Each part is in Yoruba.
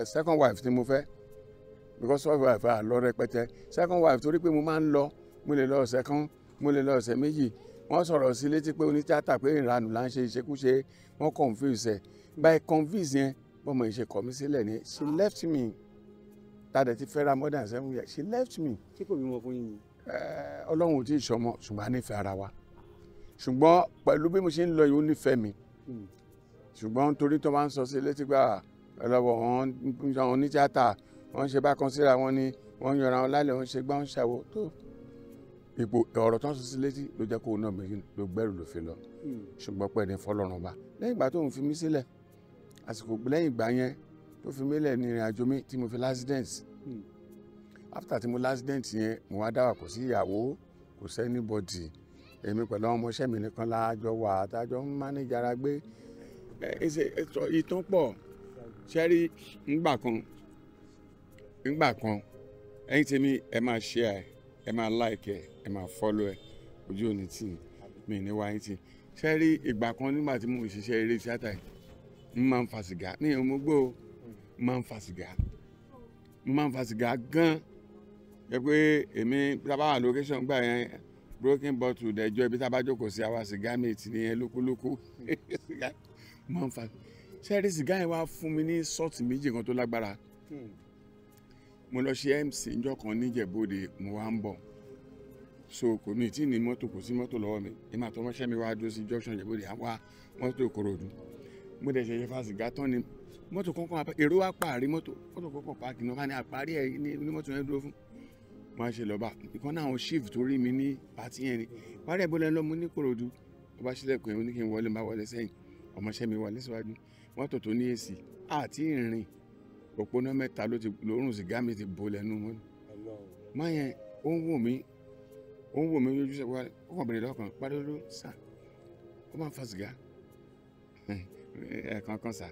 Eh, second wife tí mo fẹ́ because first wife à lọ rẹpẹtẹ second wife torí pé mo máa ń lọ mo lè lọ ọ̀sẹ̀ kan mo lè lọ ọ̀sẹ̀ méjì wọ́n sọ̀rọ̀ sí létí pé onítìátà pé ìranù là ń ṣe ìṣekúṣe wọ́n confuse ẹ̀ by confuse yẹn bọ́mọ ìṣe kọ̀ mí sílẹ̀ ni she left me tàdé ti fẹ́ra more than seven years she left me. ṣé kò bímọ fún yín. Eh, ọlọ́run ò tí ì sọmọ ṣùgbọ́n a nífẹ̀ẹ́ ara wa ṣùgbọ́n pẹ̀lú bí mo ṣe ń lọ yìí ó nífẹ̀ẹ́ mi hmm. ṣùgbọ́n torí tó máa ń sọ sí létí pé ah, ẹlọ́wọ̀ wọn yan onítíátà wọ́n ń ṣe bákan síra wọn ni wọ́n ń yanra wọn lálẹ́ wọ́n ń ṣe gbá ń ṣàwó tó ipò ọ̀rọ̀ tán sísí létí ló jẹ́ kó náà méjì ló gbẹ́rù ló fi lọ hmm. ṣùgbọ́n pẹ́ ní fọlọ́run lẹ́yìn ìgbà tó ń fi mí sílẹ̀ àsìkò lẹ́yìn ìgbà yẹn tó fi mí lẹ̀ ní ìrìn àjò mi tí mo fi lásìdẹ̀ǹt hmm. after tí mo lásìdẹ̀ǹt yẹn mo wá dáwà kò sí ìyàwó kò sẹ́ni bọ́dì èmi pẹ̀lú àwọn ọmọọṣẹ́ mi nìkan láàjọ wà àtàjọ ń mánéjà ara gbé ìtàn pọ̀ ṣẹ́rí ńgbà kan ńgbà kan ẹ̀yin tèmi ẹ máa share ẹ máa like ẹ ẹ máa follow ẹ ojú òní tì mí ní wáyé tì ṣẹ́rí ìgbà kan nígbà tí mo ṣiṣẹ́ eré tíátà yìí mo máa ń fa sìgá ní ìhun mo gbó o mo máa ń fa sìgá mo máa ń fa sìgá gan ẹ pé èmi tábà wà location gbà yẹn broken bottle dẹjọ ibi tábà jókòó sí àwa sìgá mi ti nìyẹn lókúlókú mo máa ń fa sìgá ṣẹ́rí sìgá yẹn wá fún mi ní sọ́ọ̀tì méjì kan tó lágbára hmm. mo lọ ṣe MC njọ́ kan níjẹ̀bọ́dẹ mo wá ń bọ̀ so kò ní tí ní mọ́tò kò sí mọ́tò lọ́wọ́ mi èmi àtọmọ́ṣẹ́ mi wá dúró sí junction ìjẹ̀bọ́dẹ àwa mọ́tò Ìkòròdú mo dẹ̀ ṣẹ̀ṣẹ̀ fa sìgá tán ni mọ́tò kankan èrò wa parí mọ́tò mọ́tò kankan paaki náà ní àparí ẹ̀ ní onímọ́tò yẹn dúró fún mo ṣe lọ́ba ìkan náà àwọn chief tó rí mi ní pàtí yẹn ni parí ẹ̀ bọ́lá ẹ̀ lọ́mú ní Ìkòròdú ọba ṣílẹ̀kùn yẹn ní kí n wọlé wọlé sẹ́yìn ọmọọṣẹ́ mi wọlé síwájú mọ́tò tó ní èsì àti ìrìn òpónà mẹ́ta ló ti lòórùn sìgá mi ti bo lẹ́nu wọn. máa yẹn ó ń wò mí ó ń wò mí lójú wa ó kàn bèrè lọ́kàn pàdóló sà ó máa ń fa sìgá ẹ̀ẹ̀kan kan sà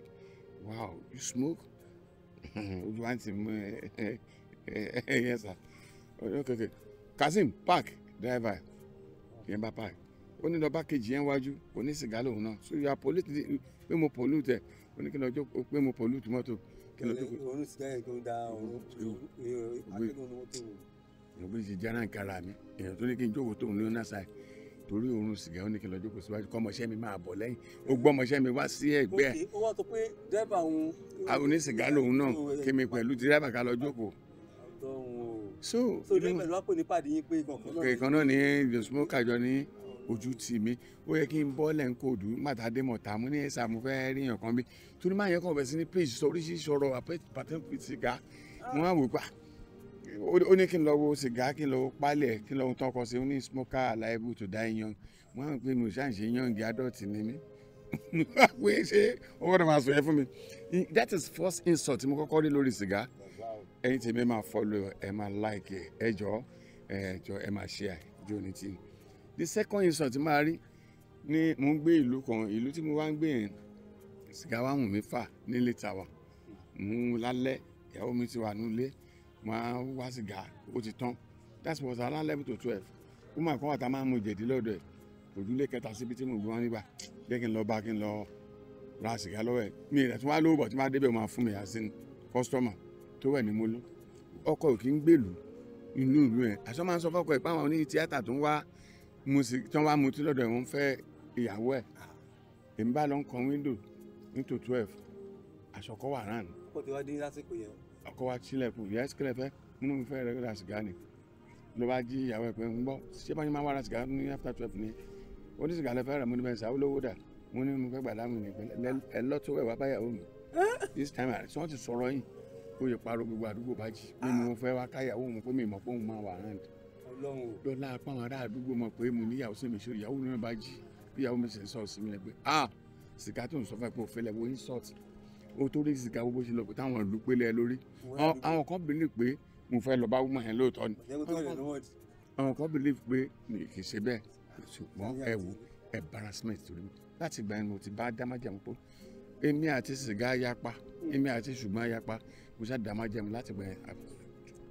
wow you smoke ojú wa ti mú ẹ ẹ yẹn sà okay Kazeem park driver yẹn bá park ó ní lọ bá kejì yẹn wájú kò ní sìgá lòun náà so you are police pé mo pollute ẹ̀ ó ní kí lọ́jọ́ pé mo pollute mọ́tò kí lọ́jọ́ pé. òun ti dáhùn tó ń da òun atẹ́gùn mọ́tò. òun ti jẹ́ ránkà ra mi èèyàn tó ní kí n jókòó tóun lóyún náà sáà torí òórùn sìgá ó ní kí n lọ jókòó síwájú kọ́ ọmọọṣẹ́ mi máa bọ̀ lẹ́yìn ó gbọ́ ọmọọṣẹ́ mi wá sí ẹ̀gbẹ́ ẹ̀. ó wá sọ pé dẹ́rẹ́bà òun. àwọn onísìgá lòun náà kí mi pẹ̀lú dẹ́rẹ́bà ká lọ jókòó. so so dẹ́rẹ́bà ló wá pè ní pàdé yín pé ìkànnà ni. ìkànnà ni the smoker jọ ní ojú tì mí ó yẹ kí n bọ́ lẹ́ńkòdù màtàdé mọ̀tà mú ní ẹ̀sà mo fẹ́ rí èèyàn kan bí torí máa yẹ kàn bẹ̀ ní page sọ oríṣiríṣi ọ̀rọ̀ àpẹtàn sìgá wọn á wò pa ah, ó ní kí n lọ wo sìgá kí n lọ wo pálẹ̀ kí n lọ tán ọkọ sí ó ní smoker liable to die young wọn á pè mí ṣàǹṣe young adult ni mí pé ṣé owó náà máa sọ yẹn fún mi that is first insult mo kọ́kọ́ rí lórí sìgá ẹ̀yin tèmi máa follow ẹ máa like ẹ jọ ẹ jọ ẹ máa share jóni tí the second insult máa rí ní mo ń gbé ìlú kan ìlú tí mo wá ń gbé yẹn sìgá wa wùn mí fà nílé tàwa mo ń lálẹ́ ìyàwó mi ti wà nílé máa wá sìgá ó ti tán that's was around eleven to twelve ó máa kọ́ àtà máa ń mu jẹ̀dí lọ́dọ̀ ẹ̀ òdúlé kẹta síbi tí mo gbé wọn nígbà jẹ́ kí n lọ bá kí n lọ ra sìgá lọ́wọ́ ẹ̀ mi ìrẹ̀ tí wọ́n á lówó bọ̀ tí wọ́n á débẹ̀ máa fún mi as in customer tó wẹ̀ ní mo lọ ọkọ̀ ò kí ń gbèlú inú ìlú ẹ̀ àṣọ máa ń sọ fọ́kọ̀ ẹ̀ pé àwọn oní tíátà tó ń wá music tí wọ́n wá mutí lọ́dọ̀ ẹ̀ wọ́n fẹ́ ìyàwó ẹ̀ ah. èmi bá lọ ń kan wíńdò nítò twelve àṣọkọ wà rán. ọkọ tí wàá dín lásìkò yẹn. ọkọ wa tilẹ̀kùn ìyá ẹ̀sìkìlẹ̀ fẹ́ nínú mi fẹ́ rẹ́gídà sìgá ni ló bá jí ìyàwó ẹ̀ pé ń gbọ́ ṣé bá máa wá sìgá ní after twelve ni ó ní sìgá lẹ́fẹ́ rẹ̀ mo ní bẹ́ẹ̀ sá olówó dà mo ní mo fẹ́ gbà láàmú ni ẹ lọ́tọ́ ẹ̀ wá báyàwó mi this time àrẹ tí ti sọ̀rọ̀ yìí ó yẹ pariwo gbogbo àdúgbò bá jí mi ni mo ah. fẹ́ wá káyàwó mi pé mi mọ̀ pé òun máa wà rán lọ́la apáwọn ará àdúgbò mọ̀ pé mo níyàwó sí mi ṣòro ìyàwó náà bá jí ìyàwó mi sì ń sọ̀rọ̀ sí mi lẹ ah sìgá tó ń sọ fún ẹ pé òfin lẹ wo insult o tó rí sìgá bó ṣe lọ pé táwọn ìlú pé lẹ lórí àwọn kan believe pé mo fẹ́ lọ bá wúmọ̀ yẹn lóòótọ́ ni àwọn kan believe pé mi kì í ṣe bẹ́ẹ̀ ṣùgbọ́n ẹ wo embarrassment torí mi láti ìgbà yẹn mo ti bá dámájàmú pé èmi àti sìgá yapa èmi àti ṣùgbọ́n yapa mo ṣáà dámájàmú láti ìgbà yẹn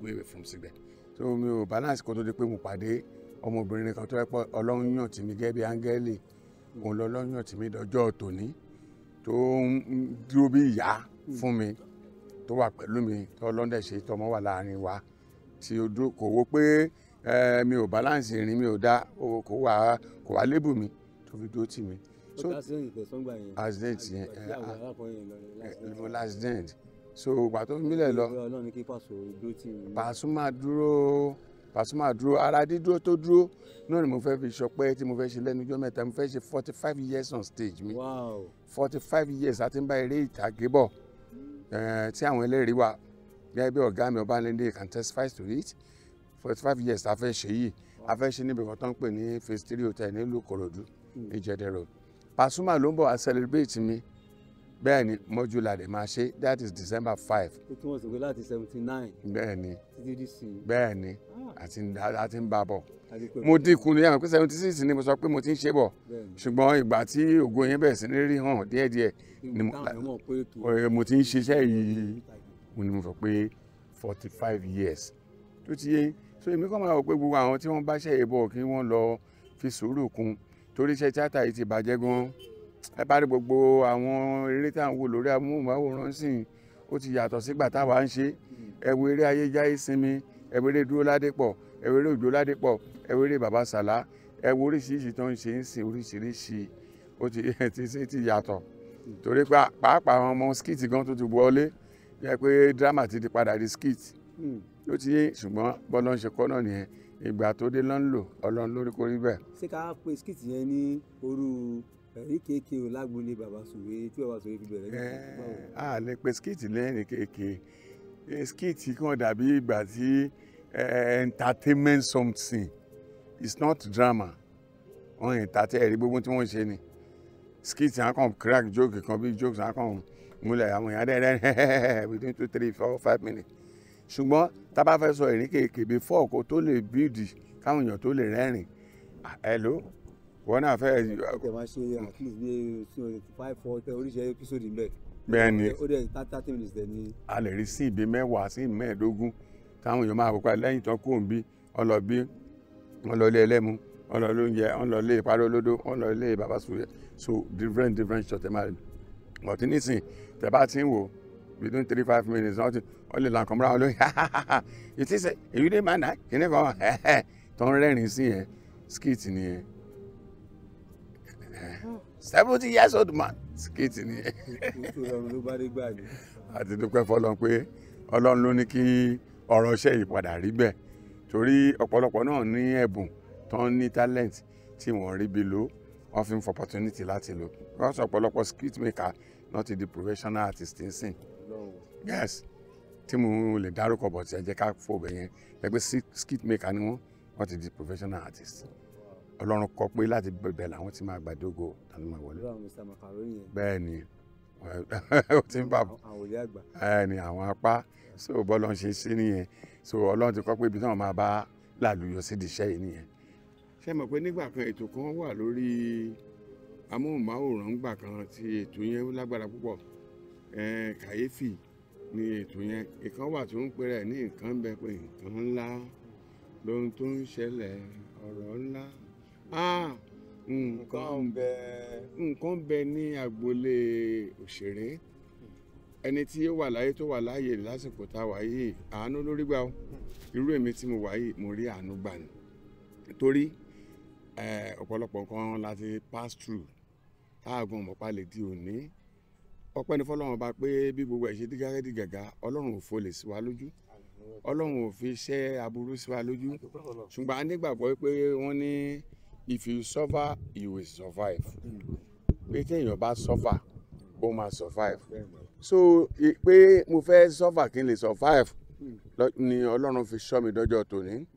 away from sìgá so mi ò balance kó tó di pé mo pàdé ọmọbìnrin kan tó yẹ pé ọlọ́run yàn tì mí gẹ́gẹ́ bí áńgẹ́lì òun lọ lọ́yàn tì mí dọjọ́ tòní tó ń dúró bí ìyá fún mi tó wà pẹ̀lú mi tó lọ́ndẹ̀ ṣe tọmọ wà láàrin wa tí o dúró kò wo pé mi ò balance ìrìn mi ò dá kò wà kò wá lébù mi tó fi dúró tì mí. so accident yẹn accident so ìgbà tó fi mílẹ̀ lọ Pasuma dúró Pasuma dúró ara dídúró tó dúró náà ni mo fẹ́ fi ṣọpẹ́ tí mo fẹ́ ṣe lẹ́nu ọjọ́ mẹ́ta mo fẹ́ ṣe forty five years on stage mi forty five years àti ń bá eré ìtàgé bọ̀ tí àwọn ẹlẹ́rìí wà gẹ́gẹ́ bí ọ̀gá mi Ọbalẹ́ndé can testify to it forty five years a fẹ́ ṣe yìí a fẹ́ ṣe níbi kan tó ń pè ní phase three hotel nílùú Ìkòròdú Ìjẹ̀dẹ̀ hmm. road Pasuma ló ń bọ̀ a celebrate mi. Wow bẹ́ẹ̀ ni mọ́jú máa ṣe that is December five. ó túmọ̀ sí pé láti seventy nine. bẹ́ẹ̀ ni bẹ́ẹ̀ ni àti ah. ń bá bọ̀ mo dínkù ní àwọn pé seventy six ni mo sọ pé mo ti ń ṣe bọ̀ ṣùgbọ́n ìgbà tí ògo yẹn bẹ̀rẹ̀ sí ní rí hàn díẹ̀díẹ̀ ni mo ti ń ṣiṣẹ́ yìí mo mo sọ pé forty five years tó ti yé so èmi kàn máa rò pé gbogbo àwọn tí wọ́n bá ṣe ìbọ̀ kí wọ́n lọ fi sùúrù kún torí iṣẹ́ tíátà yìí ti bàjẹ́ gan-an ẹ bá rí gbogbo àwọn eré tá à ń wò lórí amóhùnmáwòrán sì ó ti yàtọ̀ sígbà táwa ń ṣe ẹ eré Ayéjáyé Sinmi ẹ eré Dúró Ládépọ̀ ẹ wo eré Òjó Ládépọ̀ ẹ wo eré Bàbá Sàlá ẹ oríṣiríṣi tó ń ṣe ń sìn oríṣiríṣi ó ti ti yàtọ̀ torí pàápàá àwọn ọmọ skit gan tó ti wọlé jẹ́ pé drama ti di padà di skit ló ti yé ṣùgbọ́n bọ́lá ń ṣe kọ́ náà nìyẹn ìgbà tó dé lọ́n lò ọlọ́run lórí kò bẹ́ẹ̀. ṣé ká pe skit yẹn ní orú Ẹ̀ríkèké o lágbolé bàbá Sùwé tí bàbá Sùwé fi bẹ̀rẹ̀ ní ìpínlẹ̀. Eh, a lè pe skiti lẹ́rìn kéèké eh, skiti kan dàbí ìgbà tí eh, entertainment something it's not drama wọn entertain ẹ̀rí gbogbo tí wọ́n ṣe ni skiti á kàn crack joke kan bí jokes á kàn múlẹ̀ àwọn èèyàn dẹ́rẹ́ between two three four five minutes ṣùgbọ́n tá a bá fẹ́ sọ ẹ̀rín kéèké before kó tó lè build káwọn èèyàn tó lè rẹ́rìn-ín ah, hello wọn náà fẹ́. ẹ máa ṣe at least bí five four ten oríṣi episode mbẹ. bẹ́ẹ̀ni ó dẹ thirty minutes dẹ ni. a lè rí sí ibi mẹ́wàá sí mẹ́ẹ̀ẹ́dógún táwọn èèyàn máa kópa lẹ́yìn tán kó ń bí ọlọ́bí ọlọ́lé ẹlẹ́mu ọlọ́lé oúnjẹ ọlọ́lé ìparí olódó ọlọ́lé bàbá sùúrẹ́ so different different shot ẹ máa rí ọtí nísìn tẹ bá ti ń wò between three five minutes náà ó lè lànkàn múra wọn lóyún hahaha ìtísẹ èyí lè máa nà kíní kan tó ń rẹ́rìn sí yẹn skit nìyẹn seventy years old man skit ni. ìṣòro ló bá dé gbà ní. àti dúpẹ́ fọlọ́n pé ọlọ́run ló ní kí ọ̀rọ̀ iṣẹ́ yìí padà rí bẹ́ẹ̀ torí ọ̀pọ̀lọpọ̀ náà ní ẹ̀bùn tó ń ní talent tí wọ́n rí bí lò wọ́n fi ń fọ opportunity láti lò because ọ̀pọ̀lọpọ̀ skit maker náà ti di professional artist ń sìn. yes tí mo lè dárúkọ bọ̀ tí ẹ jẹ́ ká fò bẹ̀ yẹn ẹgbẹ́ skit maker ni wọ́n wọ́n ti di professional artist ọlọ́run kọ pé láti bẹ̀bẹ̀ làwọn ti máa gbàdógò tàbí máa wọlé. bẹ́ẹ̀ ni ó ti ń bà bọ̀ bẹ́ẹ̀ ni àwọn apá so bọ́lọ́ ṣe sí nìyẹn so ọlọ́run ti kọ pé ibi náà máa bá làlùyọ sídìí iṣẹ́ yìí nìyẹn. ṣé mọ̀ pé nígbà kan ètò kan wà lórí amóhùnmáwòrán gbà kan tí ètò yẹn lágbára púpọ̀ kàyéfì ni ètò yẹn ìkan wà tó ń pèrè ní nǹkan bẹ pé nǹkan ńlá lóhun tó ń ṣẹlẹ̀ ọ̀rọ̀ ńlá Ah, nǹkan bẹ nǹkan bẹ ní agboolé òṣèré ẹni tí ó wà láyé tó wà láàyè lásìkò tá a wà yìí àánú lórí gbà ó irú èmi tí mo wà yìí mo rí àánú gbà ní torí ọ̀pọ̀lọpọ̀ nǹkan láti pass through táàgùn ọ̀mọ̀pá lè di òní ọpẹ́ ni fọlọ́run bá pé bí gbogbo ẹ̀ ṣe dí gàgẹ́dì gàgá ọlọ́run ò folè sí wa lójú ọlọ́run ò fi ṣẹ́ aburú sí wa lójú ṣùgbọ́n a nígbàgbọ́ pé wọ́n ní if you suffer you will survive pé téèyàn bá suffer ó máa survive so pé mo fẹ́ suffer kí n lè survive ni ọlọ́run fi sọ mi dọ́jọ́ tòní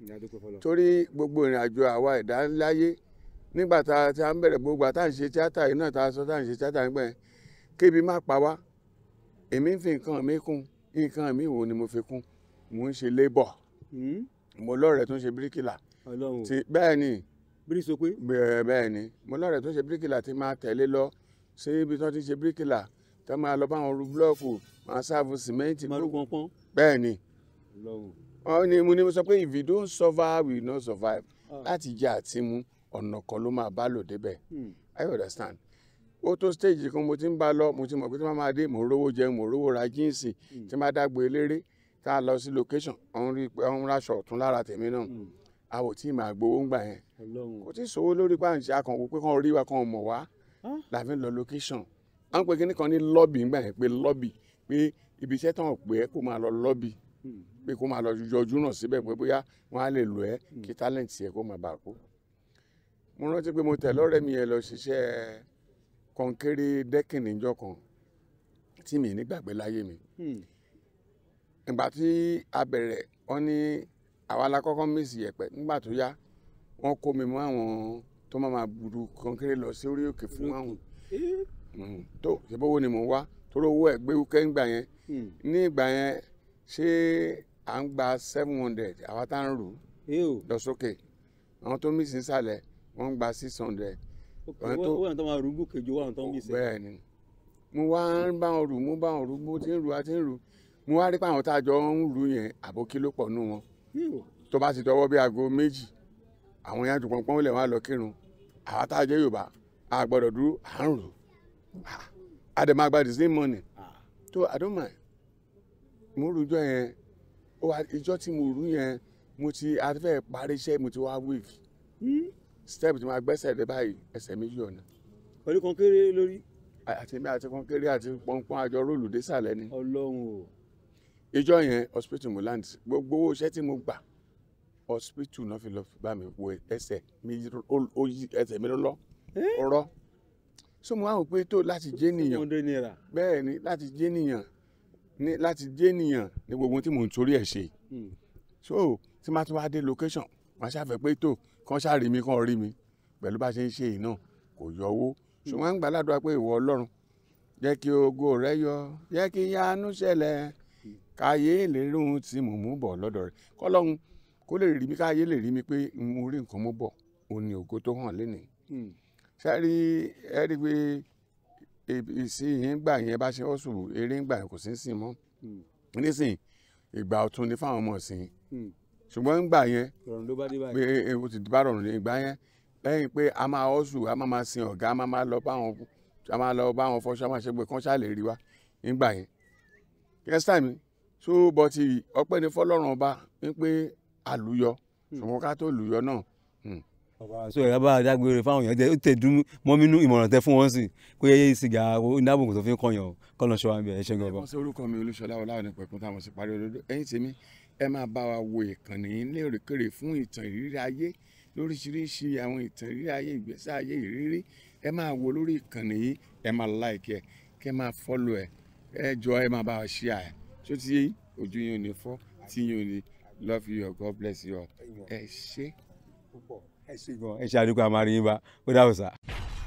torí gbogbo ìrìn àjò àwa ẹ̀dá láyé nígbà tá a ń bẹ̀rẹ̀ gbogbo àtà ń ṣe tíátà yìí náà tá a sọ tá a ń ṣe tíátà nígbà yẹn kébi má pa wá èmi ń fi nǹkan mi kún nǹkan mi wo ni mo fi kún mo ń ṣe labour hmm? mo lọ́ọ̀rẹ́ tó ń ṣe bíríkìlà bẹ́ẹ̀ ni bírí so pé. bẹ́ẹ̀ bẹ́ẹ̀ ni mo lọ́rẹ̀ẹ́ tó ń ṣe bíríkìlà tí máa tẹ̀lé lọ ṣé ibi tí wọ́n ti ń ṣe bíríkìlà tó máa lọ báwọn ru búlọ́ọ̀kù máa ṣáàfù sìmẹ́ǹtì. marugun pọ́n. bẹ́ẹ̀ ni wọ́n ní mo ní mo sọ pé if you don't survive we no survive ah. láti jẹ àtìmú ọ̀nà kan ló máa bá lò débẹ̀ hmm. I understand ó tó stage kan mo ti ń bá lọ mo ti mọ̀ pé tí wọ́n máa dé mò ń rówó jẹun mò ń rówó ra jíǹsì hmm. tí wọ́n bá dágbo eléré tá a lọ sí location ọ̀hún raṣọ ọ̀tún lára tèmi náà hmm àwọ̀ tí màá gbowó ń gbà yẹn kò tí ì sówó lórí pàǹtí akànwó pé kàn rí wa kàn mọ̀ wá làfi ń lọ location à ń pè kí nìkan ní lọ́bì ńgbà yẹn pé lọ́bì pé ibi iṣẹ́ tán pè é kó máa lọ lọ́bì hmm. pé kó máa lọ yọjú náà síbẹ̀ pé bóyá wọ́n á lè lò ẹ́ hmm. kí talent yẹ kó máa bà kú. mo rántí pé mo tẹ̀ lọ́rẹ́ mi yẹn lọ ṣiṣẹ́ kọ̀ǹkéré dẹ́kìn kan tí mi nígbàgbé láyé mi. Hmm. ìgbà tí a bẹ̀rẹ̀ wọ́n ní àwa la kọ́kọ́ mèsì yẹ̀pẹ̀ nígbà tó yá wọ́n kó mi mọ́ àwọn tó máa ma gbùdù kọ́nkéré lọ sí orí òkè fún àwọn hmm. tó ṣèbówó ni mò ń wá torí owó ẹ̀ gbé wúkẹ́ ńgbà yẹn hmm. ní ìgbà yẹn ṣé à ń gba seven hundred àwa tá ń rù lọ sókè àwọn tó mèsì nísàlẹ̀ wọ́n ń gba six hundred. owó àwọn tó máa rú gòkè ju àwọn tó ń mèsì. bẹ́ẹ̀ ni mo wá ń bá wọn rù mo bá wọn rù mo ti ń rù àti ń rù mo wá rí pé àwọn tá a jọ ń rù yẹn àbókí ló pọ̀ nù wọn tó bá sì tọwọ́ bí aago méjì àwọn yẹn àtúkọ̀ pọ́n lẹ̀ wọ́n á lọ kírun àwa tá a jẹ́ Yorùbá a gbọ́dọ̀ dúró à ń rò a dẹ̀ máa gba the same money tó I don't mind mo rújọ yẹn ó wá ìjọ tí mo rú yẹn mo ti afẹ́ parí iṣẹ́ mo ti wá week step tí máa gbẹ́sẹ̀ dé báyìí ẹsẹ̀ méjì ọ̀nà. pẹ̀lú kan kéré lórí. àti mi àti kan kéré àti pọ́npọ́n àjọ róòlù désàlẹ̀ ni. Ọlọ́run o ìjọ yẹn hospital mo land gbogbo owó iṣẹ́ tí mo gbà hospital náà fi lọ bá mi wo ẹsẹ̀ mi ó yí ẹsẹ̀ mi lọ́lọ́ ọ̀rọ̀ so mo wá wò pé tó láti jẹ́ nìyàn bẹ́ẹ̀ ni láti jẹ́ nìyàn ní láti jẹ́ nìyàn ní gbogbo tí mò ń torí ẹ̀ ṣe hmm. so tí má tún wá dé location wọn ṣàfẹ́ pé tó kàn ṣàrí mi kàn rí mi pẹ̀lú bá ṣe ń ṣe yìí náà kò yọ owó ṣùgbọ́n gbàládùn pé ìwọ ọlọ́run jẹ́ kí ògo rẹ yọ jẹ́ kí yanu ṣẹlẹ̀ káyé lè rí ohun tí mò ń mú bọ̀ lọ́dọ̀ rẹ̀ kọ́lọ́hún kó lè rí mi káyé lè rí mi pé mo rí nǹkan mú bọ̀ òun ni ògo tó hàn lénìí. sẹ́rí hmm. ẹ rí i pé ìsìn gbà yẹn bá ṣe ọ̀sùn eré ń gbà kò sí sìn mọ́ hmm. nísìn ìgbà ọ̀tun ni fáwọn ọmọ sìn hmm. ṣùgbọ́n ń gbà yẹn pé ewu ti bá rọrùn ní ìgbà yẹn lẹ́yìn pé a máa ọ̀sùn a máa máa sin ọ̀gá a máa lọ báwọn fọṣọ a máa ṣe gbé kán ṣáà rí wa nígbà yẹn kẹsítà mi so bọ́tì ọpẹ́ ni fọlọ́run ọba ní pé àlùyọ ṣùgbọ́n ká tó lùyọ náà. bàbá sọ yàrá bá dágbére fáwọn èèyàn jẹ ó tẹ dùn mọ́mínú ìmọ̀ràn tẹ fún wọn sí pé sìgá onídàbòkò tó fi ń kọyàn kọ́nà ṣọ́ àmì ẹ̀ ṣẹ́gun ọba. ọ̀sẹ̀ orúkọ mi olúṣọlá ọláwọ̀ ní pẹ̀kún táwọn sì parí olódó ẹ̀yìn tèmi ẹ máa bá wa wo ìkànnì lérèkèrè fún ìtàn ìrírí ayé lóríṣiríṣi àwọn ìtàn ìrírí ayé ìgbésí ayé ìrírí ẹ máa wo lórí ìkànnì yìí ẹ máa like ẹ kẹ máa follow ẹ ẹ jọ ẹ máa bá wa ṣí à ṣó ti yé ojú yín ò ní fọ́ tí yín ò ní love you God bless you ẹ ṣé. ẹ ṣé gan ẹ ṣe àdúgbò àmàrin yín bá ó dáhùn sá.